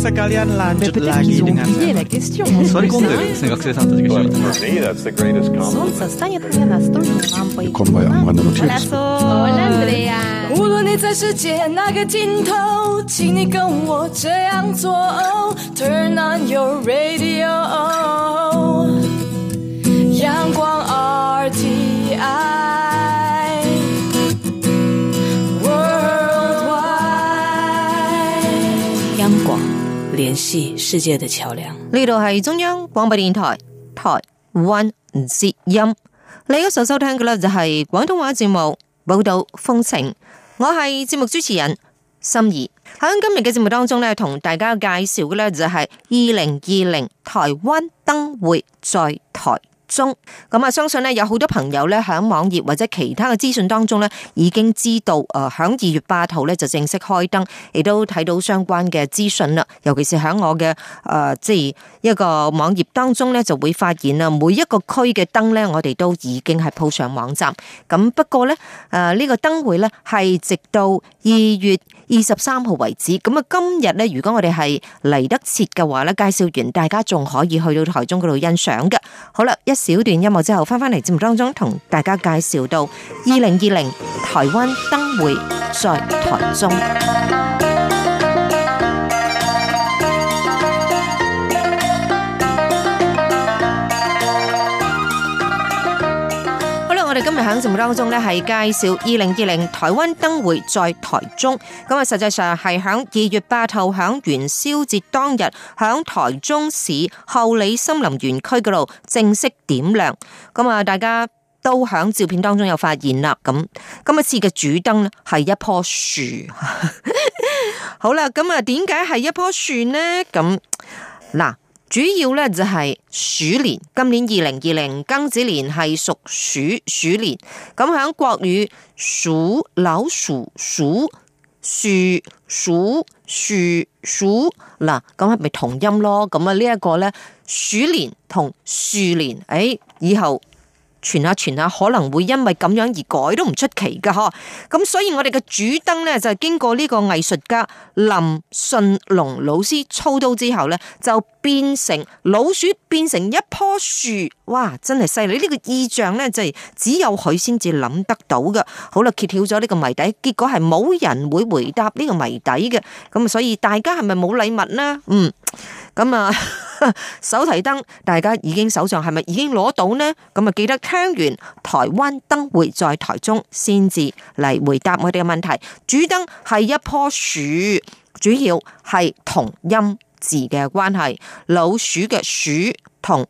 這，這，這 glycun, 不僅僅 娜是我的問題，而是整個學生群體的問題。陽光電台，無論你在世界哪個盡頭，請你跟我這樣做。Turn on your radio，陽光 RTI。聯繫世界的橋樑。呢度係中央廣播電台台灣之音。你而家所收聽嘅咧就係廣東話節目報道風情。我係節目主持人心儀，響今日嘅節目當中咧，同大家介紹嘅咧就係二零二零台灣燈會在台中。咁啊，相信咧，有好多朋友咧響網頁或者其他嘅資訊當中咧，已經知道誒，響二月八號咧就正式開燈，亦都睇到相關嘅資訊啦。尤其是響我嘅誒，即係一個網頁當中咧就會發現啦，每一個區嘅燈咧，我哋都已經係鋪上網站。咁不過咧，誒，呢個燈會咧係直到二月二十三號為止。咁啊，今日咧，如果我哋係嚟得切嘅話咧，介紹完大家仲可以去到台中嗰度欣賞嘅。好啦，一。小段音樂之後，翻返嚟節目當中，同大家介紹到二零二零台灣燈會在台中。喺節目當中咧係介紹二零二零台灣燈會在台中，咁啊實際上係喺二月八號響元宵節當日，響台中市后里森林園區嗰度正式點亮。咁啊，大家都喺照片當中有發現啦。咁今次嘅主燈咧係一棵樹。 好啦，咁啊，點解係一棵樹呢？咁嗱。主要咧就係鼠年，今年二零二零庚子年係屬鼠鼠年，咁響國語鼠、老鼠、鼠、鼠、鼠、鼠、鼠，嗱咁係咪同音咯？咁啊呢一個咧鼠年同鼠年，誒、哎、以後。傳下傳下，可能會因為咁樣而改都唔出奇噶，嗬！咁所以我哋嘅主燈呢，就係經過呢個藝術家林舜龍老師操刀之後呢，就變成老鼠變成一棵樹，哇！真係犀利！呢個意象呢，就係只有佢先至諗得到嘅。好啦，揭曉咗呢個謎底，結果係冇人會回答呢個謎底嘅。咁所以大家係咪冇禮物呢？嗯。咁啊，手提燈，大家已經手上係咪已經攞到咧？咁啊，記得聽完台灣燈會在台中先至嚟回答我哋嘅問題。主燈係一棵樹，主要係同音字嘅關係。老鼠嘅鼠同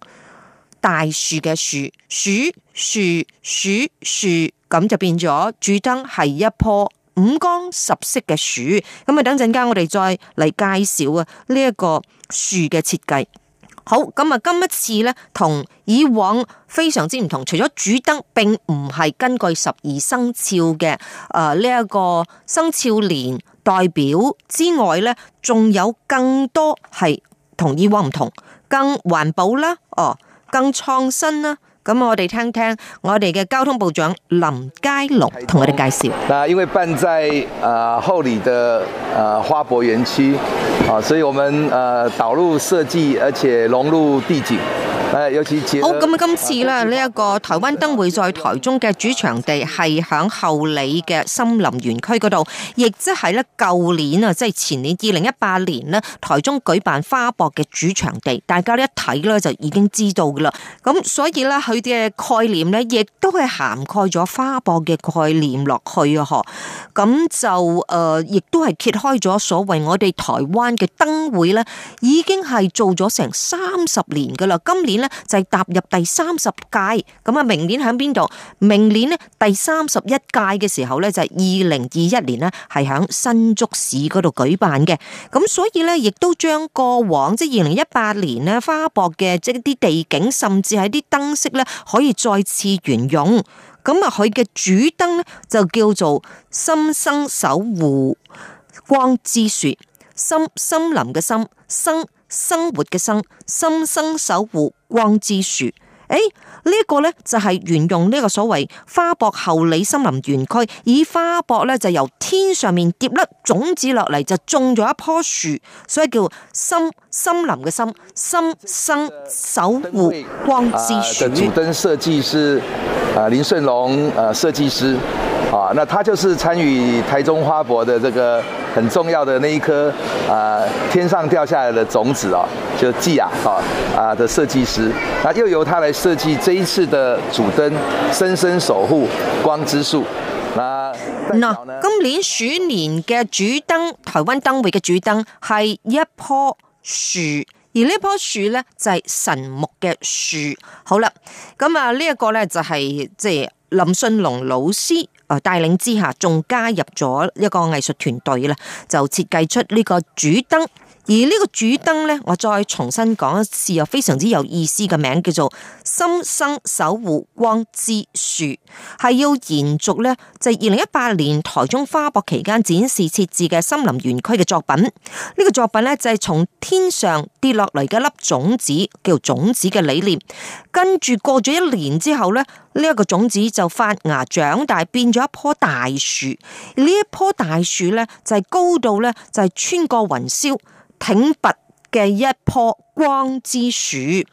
大樹嘅樹，鼠樹鼠樹，咁就變咗主燈係一棵五光十色嘅樹，咁啊等陣間我哋再嚟介紹啊呢一個樹嘅設計。好，咁啊今一次咧同以往非常之唔同，除咗主燈並唔係根據十二生肖嘅誒呢一個生肖年代表之外咧，仲有更多係同以往唔同，更環保啦，哦，更創新啦。咁我哋聽聽我哋嘅交通部長林佳龍同我哋介紹。那因為辦在啊后里的啊花博園區，啊，所以我們啊導入設計，而且融入地景。誒，有好，咁今次咧呢一個台灣燈會在台中嘅主場地係響后里嘅森林園區嗰度，亦即係咧舊年啊，即係前年二零一八年咧，台中舉辦花博嘅主場地，大家一睇咧就已經知道噶啦。咁所以咧，佢嘅概念咧，亦都係涵蓋咗花博嘅概念落去啊！嗬，咁就誒，亦都係揭開咗所謂我哋台灣嘅燈會咧，已經係做咗成三十年噶啦，今年。就係、是，踏入第三十屆咁啊！明年喺邊度？明年咧第三十一屆嘅時候呢，就係二零二一年呢係喺新竹市嗰度舉辦嘅。咁所以呢，亦都將過往即係二零一八年呢，花博嘅即啲地景甚至係啲燈飾呢，可以再次運用。咁啊，佢嘅主燈呢，就叫做“森生守護光之樹”，森森林嘅森生。森生活嘅生，森生守護光之樹。誒，這個、呢一個咧就係、是、沿用呢一個所謂花博后里森林園區，以花博呢，就由天上面跌粒種子落嚟，就種咗一棵樹，所以叫森森林嘅森，森生守護光之樹。主燈設計師林順龍啊設計師。啊林啊，那他就是參與台中花博的這個很重要的那一顆啊天上掉下來的種子哦，就季亞啊啊的設計師，那又由他來設計這一次的主燈，森生守護光之樹。那那今年鼠年的主燈，台灣燈會的主燈係一棵樹，而呢棵樹呢就係神木嘅樹。好啦，咁啊呢一個呢就係即係林舜龍老師。誒，帶領之下仲加入咗一個藝術團隊呢，就設計出呢個主燈。而呢個主燈呢，我再重新講一次，又非常之有意思嘅名，叫做“森生守護光之樹”，係要延續呢，就係二零一八年台中花博期間展示設置嘅森林園區嘅作品。呢、這個作品呢，就係、是、從天上跌落嚟嘅粒種子，叫種子嘅理念。跟住過咗一年之後呢。呢一個種子就發芽長大，變咗一棵大樹。呢一棵大樹呢，就係高度呢，就係穿過雲霄，挺拔嘅一棵光之樹。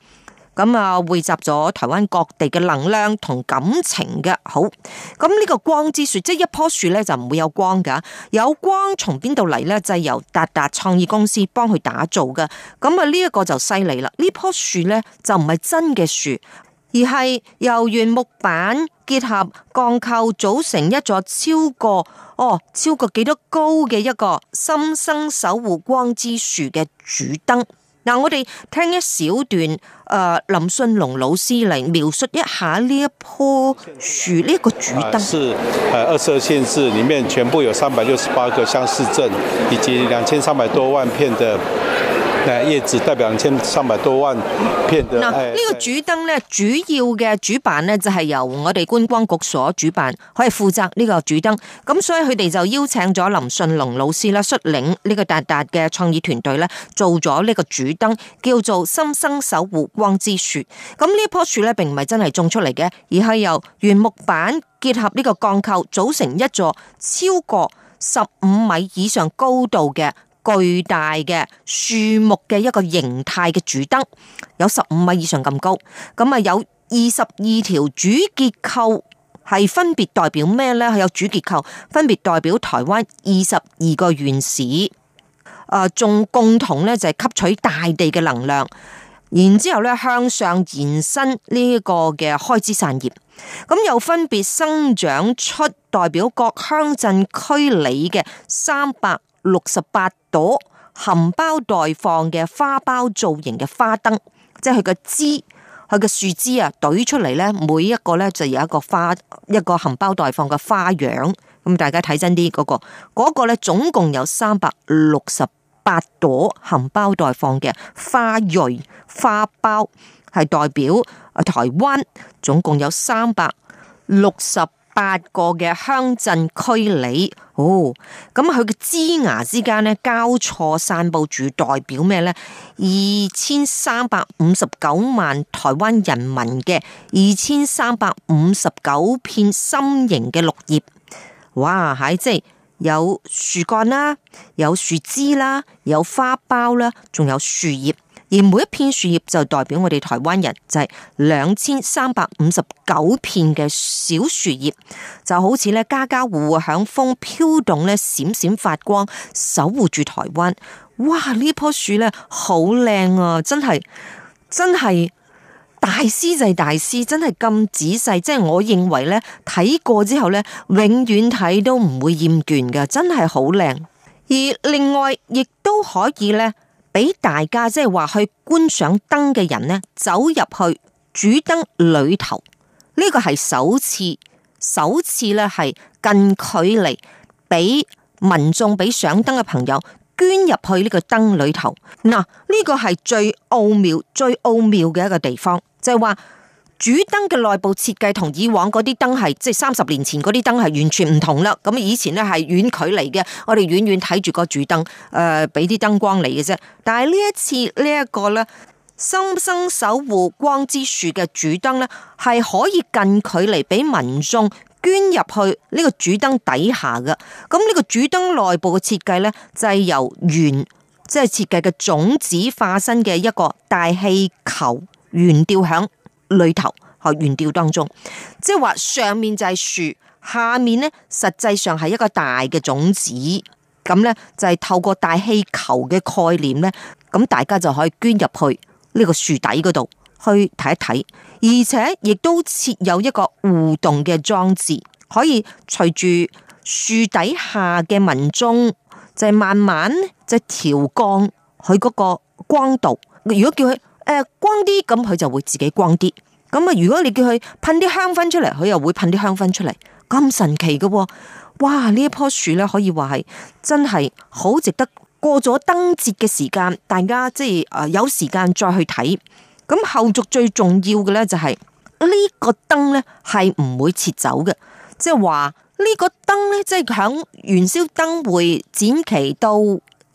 咁啊，匯集咗台灣各地嘅能量同感情嘅。好，咁呢個光之樹，即係一棵樹呢，就唔會有光噶。有光從邊度嚟呢？就係由達達創意公司幫佢打造嘅。咁啊，呢一個就犀利啦。呢棵樹呢，就唔係真嘅樹。而係由原木板結合鋼構組成一座超過哦超過幾多高嘅一個森生守護光之樹嘅主燈。嗱，我哋聽一小段誒、呃、林舜龍老師嚟，描述一下呢一棵樹呢個主燈，啊啊。二十二縣市裏面全部有三百六十八個鄉鎮市，以及兩千三百多萬片嘅。葉子代表兩千三百多萬片嘅，呢個主燈呢，主要嘅主辦呢，就係由我哋觀光局所主辦，可以負責呢個主燈，咁所以佢哋就邀請咗林順龍老師啦，率領呢個達達嘅創意團隊呢，做咗呢個主燈，叫做“森生守護光之樹”。咁呢棵樹呢，並唔係真係種出嚟嘅，而係由原木板結合呢個鋼構組成一座超過十五米以上高度嘅。巨大嘅樹木嘅一個形態嘅主燈，有十五米以上咁高。咁啊，有二十二條主結構係分別代表咩呢？係有主結構分別代表台灣二十二個縣市。啊，仲共同呢，就係、是、吸取大地嘅能量，然之後呢向上延伸呢個嘅開枝散葉。咁又分別生長出代表各鄉鎮區里嘅三百。六十八朵含苞待放嘅花苞造型嘅花燈，即係佢嘅枝，佢嘅樹枝啊，懟出嚟咧，每一個咧就有一個花，一個含苞待放嘅花樣。咁大家睇真啲、那個，嗰、那個嗰個咧總共有三百六十八朵含苞待放嘅花蕊花苞，係代表台灣總共有三百六十。八個嘅鄉鎮區里，哦，咁佢嘅枝芽之間呢，交錯散布住，代表咩呢？二千三百五十九萬台灣人民嘅二千三百五十九片心形嘅綠葉，哇！係即係有樹幹啦，有樹枝啦，有花苞啦，仲有樹葉。而每一片樹葉就代表我哋台灣人，就係兩千三百五十九片嘅小樹葉，就好似咧家家戶戶響風飄動咧閃閃發光，守護住台灣。哇！呢棵樹咧好靚啊，真係真係大師就係大師，真係咁仔細，即係我認為咧睇過之後咧永遠睇都唔會厭倦嘅，真係好靚。而另外亦都可以咧。俾大家即係話去觀賞燈嘅人呢，走入去主燈裏頭，呢個係首次，首次呢係近距離俾民眾俾上燈嘅朋友捐入去呢個燈裏頭，嗱，呢個係最奧妙、最奧妙嘅一個地方，就係話。主燈嘅內部設計同以往嗰啲燈係即係三十年前嗰啲燈係完全唔同啦。咁以前呢係遠距離嘅，我哋遠遠睇住個主燈，誒、呃，俾啲燈光嚟嘅啫。但係呢一次呢一個呢，「森生守護光之樹」嘅主燈呢，係可以近距離俾民眾捐入去呢個主燈底下嘅。咁呢個主燈內部嘅設計呢，就係、是、由圓即係設計嘅種子化身嘅一個大氣球圓吊響。裏頭原懸吊當中，即係話上面就係樹，下面呢實際上係一個大嘅種子。咁呢，就係、是、透過大氣球嘅概念呢，咁大家就可以捐入去呢個樹底嗰度去睇一睇，而且亦都設有一個互動嘅裝置，可以隨住樹底下嘅民眾就係、是、慢慢就係、是、調降佢嗰個光度。如果叫佢。誒、呃，光啲咁佢就會自己光啲，咁啊如果你叫佢噴啲香薰出嚟，佢又會噴啲香薰出嚟，咁神奇嘅、哦，哇！呢一棵樹咧可以話係真係好值得過咗燈節嘅時間，大家即係誒有時間再去睇。咁後續最重要嘅咧就係、是、呢、呢個燈咧係唔會撤走嘅，即係話呢個燈咧即係響元宵燈會展期到。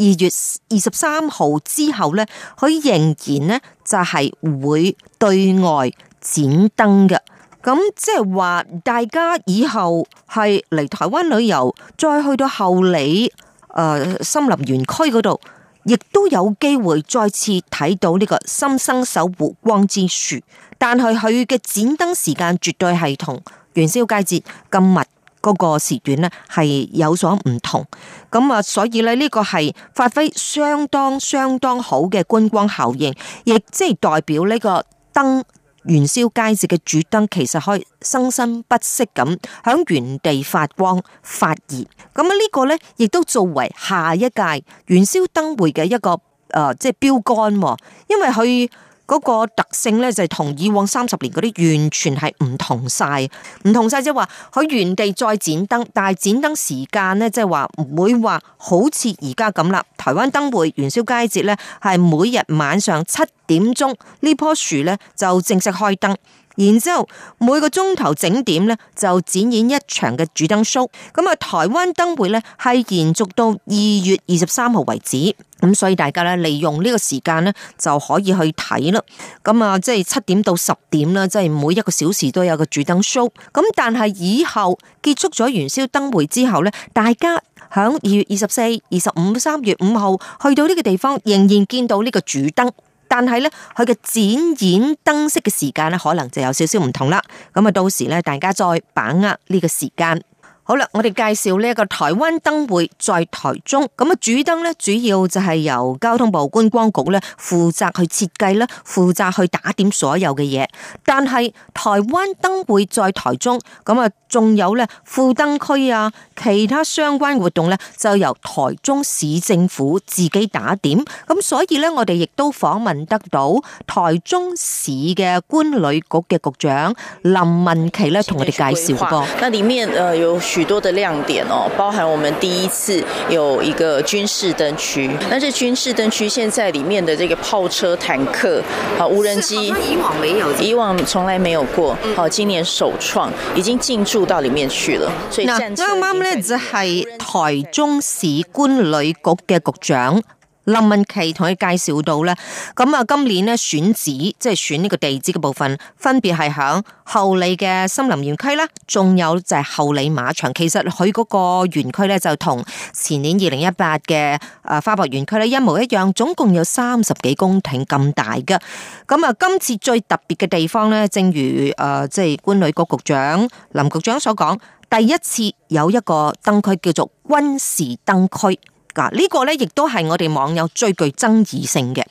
二月二十三號之後咧，佢仍然咧就係會對外展燈嘅。咁即係話，大家以後係嚟台灣旅遊，再去到后里誒、呃、森林園區度，亦都有機會再次睇到呢個森生守護光之樹。但係佢嘅展燈時間絕對係同元宵佳節咁密。嗰、那個時段咧係有所唔同咁啊，所以咧呢個係發揮相當相當好嘅觀光效應，亦即係代表呢個燈元宵佳節嘅主燈其實可以生生不息咁喺原地發光發熱。咁啊，呢個呢亦都作為下一屆元宵燈會嘅一個誒，即係標杆喎，因為佢。嗰、那個特性咧就係同以往三十年嗰啲完全係唔同晒。唔同晒即係話佢原地再展燈，但係展燈時間咧即係話唔會話好似而家咁啦。台灣燈會元宵佳節咧係每日晚上七點鐘呢棵樹咧就正式開燈。然之後每個鐘頭整點咧就展演一場嘅主燈 show，咁啊台灣燈會咧係延續到二月二十三號為止，咁所以大家咧利用呢個時間咧就可以去睇啦。咁啊即係七點到十點啦，即係每一個小時都有個主燈 show。咁但係以後結束咗元宵燈會之後咧，大家響二月二十四、二十五、三月五號去到呢個地方仍然見到呢個主燈。但係咧，佢嘅展演燈飾嘅時間咧，可能就有少少唔同啦。咁啊，到時咧，大家再把握呢個時間。好啦，我哋介紹呢一個台灣燈會在台中。咁啊，主燈咧，主要就係由交通部觀光局咧負責去設計啦，負責去打點所有嘅嘢。但係台灣燈會在台中咁啊。那個仲有咧富燈區啊，其他相關活動咧就由台中市政府自己打點，咁所以咧，我哋亦都訪問得到台中市嘅觀旅局嘅局長林文琪咧，同我哋介紹過，那裏面呃有許多的亮點哦，包含我們第一次有一個軍事燈區，那這軍事燈區現在裏面的這個炮車坦克啊、無人機以往沒有，以往從來沒有過，今年首創已經進駐。到裏面去了。嗱，啱啱咧就係台中市觀旅局嘅局長。林文琪同佢介紹到咧，咁啊，今年咧選址，即係選呢個地址嘅部分，分別係響後里嘅森林園區啦，仲有就係後里馬場。其實佢嗰個園區咧就同前年二零一八嘅誒花博園區咧一模一樣，總共有三十幾公頃咁大嘅。咁啊，今次最特別嘅地方咧，正如誒即係觀旅局局長林局長所講，第一次有一個燈區叫做軍事燈區。呢、呢個咧亦都係我哋網友最具爭議性嘅，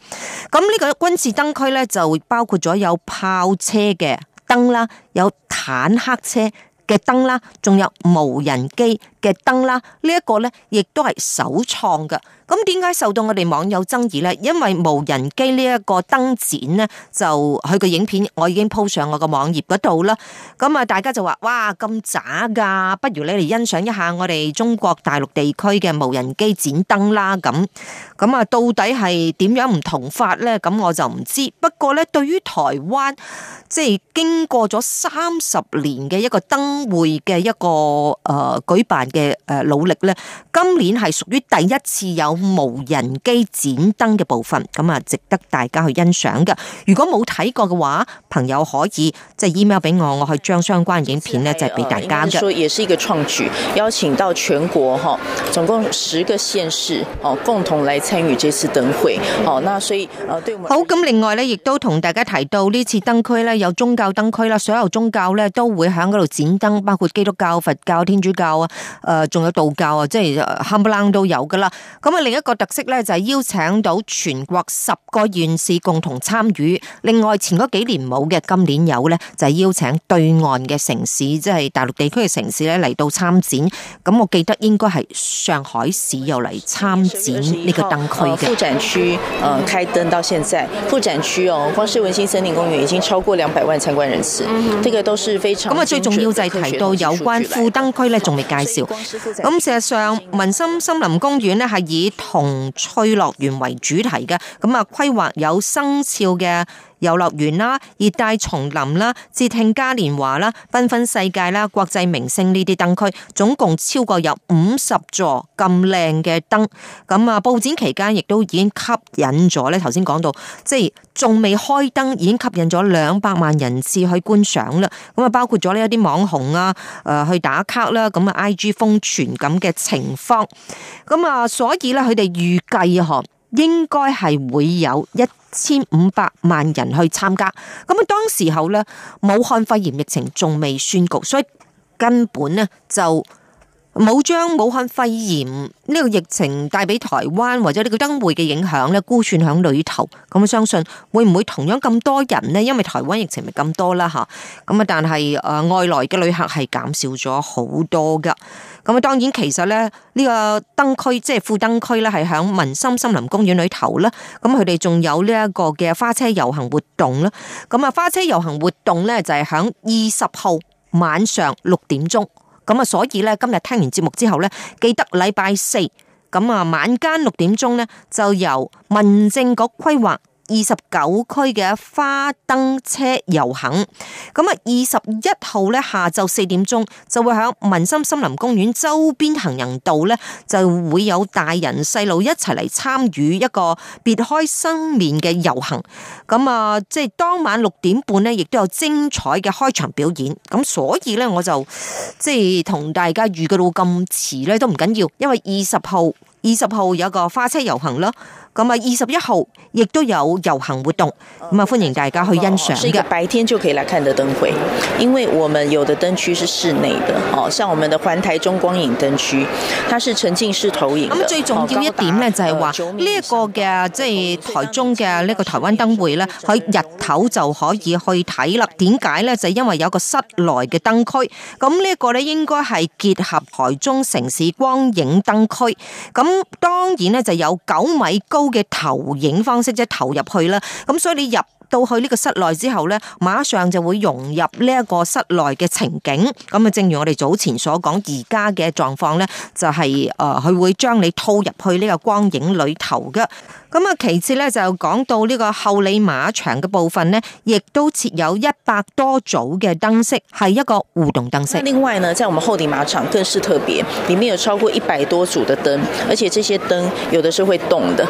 咁、這、呢個軍事燈區咧就包括咗有炮車嘅燈啦，有坦克車嘅燈啦，仲有無人機嘅燈啦，這個、呢一個咧亦都係首創嘅。咁點解受到我哋網友爭議咧？因為無人機呢一個燈展咧，就佢個影片我已經鋪上我個網頁度啦。咁啊，大家就話哇咁渣噶，不如你嚟欣賞一下我哋中國大陸地區嘅無人機展燈啦。咁咁啊，到底係點樣唔同法咧？咁我就唔知道唔知。不過咧，對於台灣，即係經過咗三十年嘅一個燈會嘅一個誒、呃、舉辦。嘅誒努力咧，今年係屬於第一次有無人機展燈嘅部分，咁啊，值得大家去欣賞嘅。如果冇睇過嘅話，朋友可以即係 email 俾我，我去將相關影片咧，就係俾大家嘅。所以，也是一個創舉，邀請到全國嗬，總共十個縣市哦，共同來參與這次燈會。哦、嗯，那所以好咁，另外咧，亦都同大家提到次登區呢次燈區咧，有宗教燈區啦，所有宗教咧都會喺嗰度展燈，包括基督教、佛教、天主教啊。誒，仲有道教啊，即係冚唪唥都有噶啦。咁啊，另一個特色咧就係邀請到全國十個縣市共同參與。另外前嗰幾年冇嘅，今年有咧就係邀請對岸嘅城市，即係大陸地區嘅城市咧嚟到參展。咁我記得應該係上海市又嚟參展呢個燈區嘅副展區。誒，開燈到現在，副展區哦，光是文心森林公園已經超過兩百萬參觀人次，呢個都是非常咁啊。最重要就係提到有關副燈區咧，仲未介紹。咁事實上，文心森，森林公園咧係以童趣樂園為主題嘅，咁啊規劃有生肖嘅。遊樂園啦、熱帶叢林啦、節慶嘉年華啦、繽紛世界啦、國際明星呢啲燈區，總共超過有五十座咁靚嘅燈。咁啊，布展期間亦都已經吸引咗咧。頭先講到，即係仲未開燈，已經吸引咗兩百萬人次去觀賞啦。咁啊，包括咗呢一啲網紅啊，誒去打卡啦，咁啊 I G 瘋傳咁嘅情況。咁啊，所以咧佢哋預計嗬。應該係會有一千五百萬人去參加，咁當時候咧，武漢肺炎疫情仲未宣告，所以根本咧就。冇將武漢肺炎呢、這個疫情帶俾台灣或者呢個燈會嘅影響咧，估算喺裏頭。咁我相信會唔會同樣咁多人呢？因為台灣疫情咪咁多啦吓。咁啊，但係誒外來嘅旅客係減少咗好多噶。咁啊，當然其實咧呢、這個燈區即係副燈區咧，係喺文心森林公園裏頭啦。咁佢哋仲有呢一個嘅花車遊行活動啦。咁啊，花車遊行活動咧就係喺二十號晚上六點鐘。咁啊，所以咧，今日聽完節目之後咧，記得禮拜四咁啊，晚間六點鐘咧，就由民政局規劃。二十九區嘅花燈車遊行，咁啊，二十一號咧，下晝四點鐘就會響文心森林公園周邊行人道咧，就會有大人細路一齊嚟參與一個別開生面嘅遊行。咁啊，即係當晚六點半咧，亦都有精彩嘅開場表演。咁所以咧，我就即係同大家預計到咁遲咧都唔緊要，因為二十號二十號有一個花車遊行咯。咁啊，二十一號亦都有遊行活動，咁啊，歡迎大家去欣賞。是一個白天就可以來看的燈會，因為我們有的燈區是室內的，哦，像我們的環台中光影燈區，它是沉浸式投影。咁最重要一點咧就係話，呢一個嘅即係台中嘅呢個台灣燈會咧，喺日頭就可以去睇啦。點解咧？就因為有個室內嘅燈區，咁呢個咧應該係結合台中城市光影燈區，咁當然咧就有九米高，嘅投影方式，即係投入去啦，咁所以你入到去呢個室內之後咧，馬上就會融入呢一個室內嘅情景。咁啊，正如我哋早前所講，而家嘅狀況咧，就係誒佢會將你套入去呢個光影裏頭嘅。咁啊，其次咧就講到呢個后里馬場嘅部分咧，亦都設有一百多組嘅燈飾，係一個互動燈飾。另外呢，在我們后里馬場更是特別，裏面有超過一百多組嘅燈，而且這些燈有的是會動的。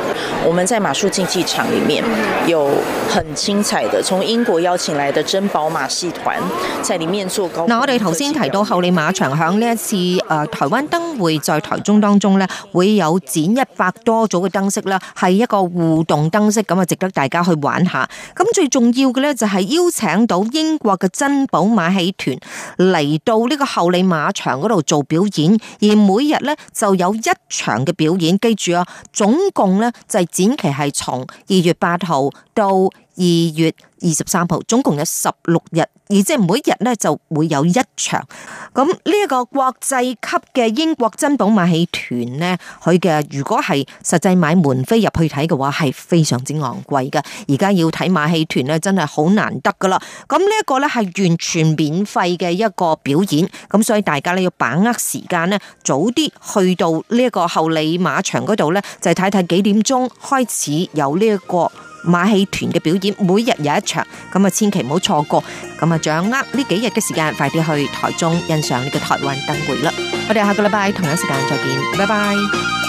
我們在馬術競技場裏面有很。精彩嘅，從英國邀請來的珍寶馬戲團，在裏面做。那我哋頭先提到后里馬場響呢一次誒台灣燈會，在台中當中咧，會有展一百多組嘅燈飾啦，係一個互動燈飾，咁啊值得大家去玩下。咁最重要嘅咧就係邀請到英國嘅珍寶馬戲團嚟到呢個后里馬場嗰度做表演，而每日咧就有一場嘅表演。記住啊，總共咧就係展期係從二月八號到。二月二十三號，總共有十六日，而即係每日咧就會有一場。咁呢一個國際級嘅英國珍寶馬戲團呢，佢嘅如果係實際買門飛入去睇嘅話，係非常之昂貴噶。而家要睇馬戲團咧，真係好難得噶啦。咁呢一個咧係完全免費嘅一個表演，咁所以大家咧要把握時間呢，早啲去到呢一個后里馬場嗰度呢，就睇睇幾點鐘開始有呢、這、一個。馬戲團嘅表演每日有一場，咁啊千祈唔好錯過，咁啊掌握呢幾日嘅時間，快啲去台中欣賞呢個台灣燈會啦！我哋下個禮拜同一時間再見，拜拜。